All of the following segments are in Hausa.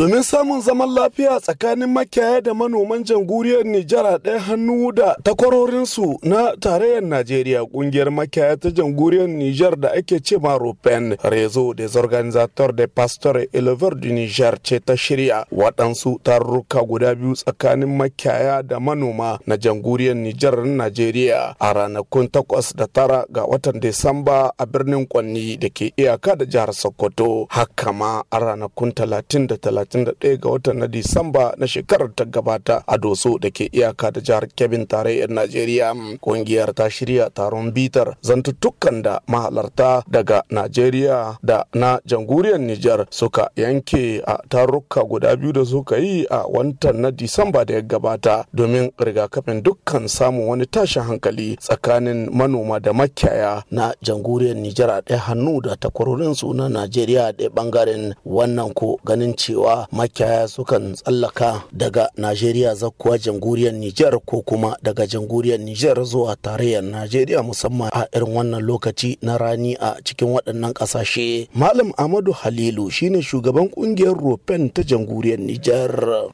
Domin samun zaman lafiya tsakanin makiyaya da manoman janguriyar Nijar a ɗaya hannu da takwarorinsu na tarayyar Najeriya ƙungiyar makiyaya ta janguriyar Nijar da ake ce ma Rupen Rezo des Organisateurs de Pastore Éleveur du Nijar ce ta shirya waɗansu tarurruka guda biyu tsakanin makiyaya da manoma na janguriyar Nijar na Najeriya a ranakun takwas da tara ga watan Disamba a birnin Kwanni da ke iyaka da jihar Sokoto haka ma a ranakun talatin da talatin 31 ga watan na Disamba na shekarar ta gabata a Doso da ke iyaka da jihar kebin tarayyar Najeriya. Kungiyar ta shirya taron bitar zantuttukan da mahalarta daga Najeriya da na jamhuriyar Nijar suka yanke a taruka guda biyu da suka yi a watan na Disamba da ya gabata domin rigakafin dukkan samun wani tashin hankali tsakanin manoma da makiyaya na jamhuriyar Nijar a ɗaya hannu da takwarorin su na Najeriya a ɗaya ɓangaren wannan ko ganin cewa makiyaya sukan tsallaka daga najeriya zakuwa jamhuriyar niger ko kuma daga jamhuriyar niger zuwa tarayyar najeriya musamman a irin wannan lokaci na rani a cikin waɗannan ƙasashe malam amadu halilu shine shugaban ƙungiyar ropen ta jamhuriyar niger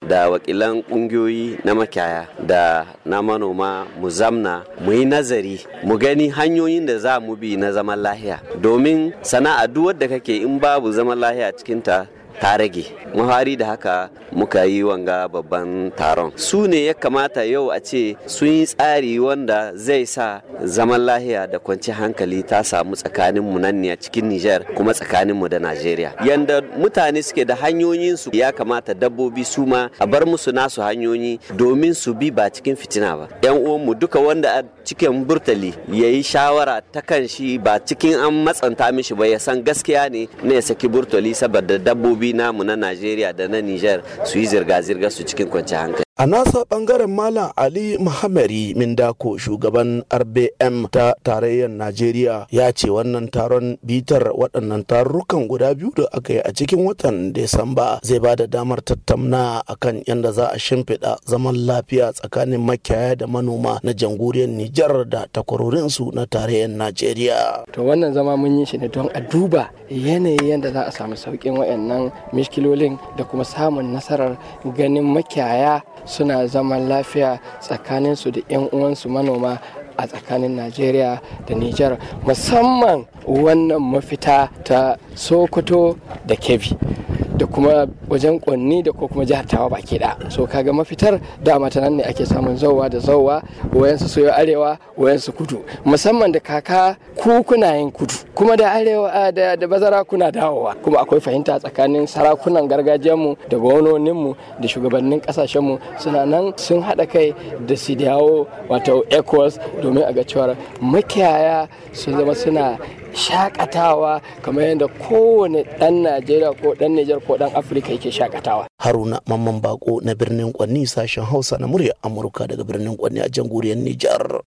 da wakilan ƙungiyoyi na makiyaya da na manoma mu zamna mu yi nazari mu gani hanyoyin da za mu bi na zaman lahiya domin sana'a duk wadda kake in babu zaman lahiya cikinta ta rage mahari da haka muka yi wanga babban taron su ne ya kamata yau a ce sun yi tsari wanda zai sa zaman lahiya da kwanci hankali ta samu tsakanin mu nan a cikin Nijar kuma tsakanin mu da Najeriya yanda mutane suke da hanyoyin su ya kamata dabbobi su ma a bar musu nasu hanyoyi domin su bi ba cikin fitina ba yan uwan mu duka wanda a cikin burtali ya yi shawara ta kan shi ba cikin an matsanta mishi ba ya san gaskiya ne ne ya saki burtali saboda dabbobi dabbobi namu na Najeriya da na nijar su yi zirga-zirga su cikin kwanci hankali. A nasa bangaren Malam Ali Muhammadi Mindako shugaban RBM ta tarayyar Najeriya ya ce wannan taron bitar waɗannan tarurrukan guda biyu da aka yi a cikin watan Desamba zai ba da damar tattauna akan yadda za a shimfiɗa zaman lafiya tsakanin makiyaya da manoma na jamhuriyar Nijar da takwarorinsu na tarayyar Najeriya. To wannan zama mun yi shi ne don a duba yanayi yadda za a samu sauƙin waɗannan mishkilolin da kuma samun nasarar ganin makiyaya suna zaman lafiya tsakaninsu da 'yan uwansu manoma a tsakanin najeriya da nijar musamman wannan mafita ta sokoto da kebbi da kuma wajen kwanni da ko kuma jihar tawa baki da so kaga mafitar dama ta nan ne ake samun zauwa da zauwa wayansu soyo arewa wayansu kudu musamman da kaka ku kuna yin kudu kuma da arewa da, da bazara kuna dawowa kuma akwai fahimta tsakanin sarakunan gargajiyar mu da mu da shugabannin mu suna nan sun haɗa kai da su dawo wato ecos domin a ga cewar makiyaya sun zama suna shakatawa kamar yadda kowane ɗan najeriya ko ɗan nijar ko ɗan afirka yake shakatawa haruna mamman bako na birnin kwanni sashen hausa na murya amurka daga birnin kwanni a jamhuriyar nijar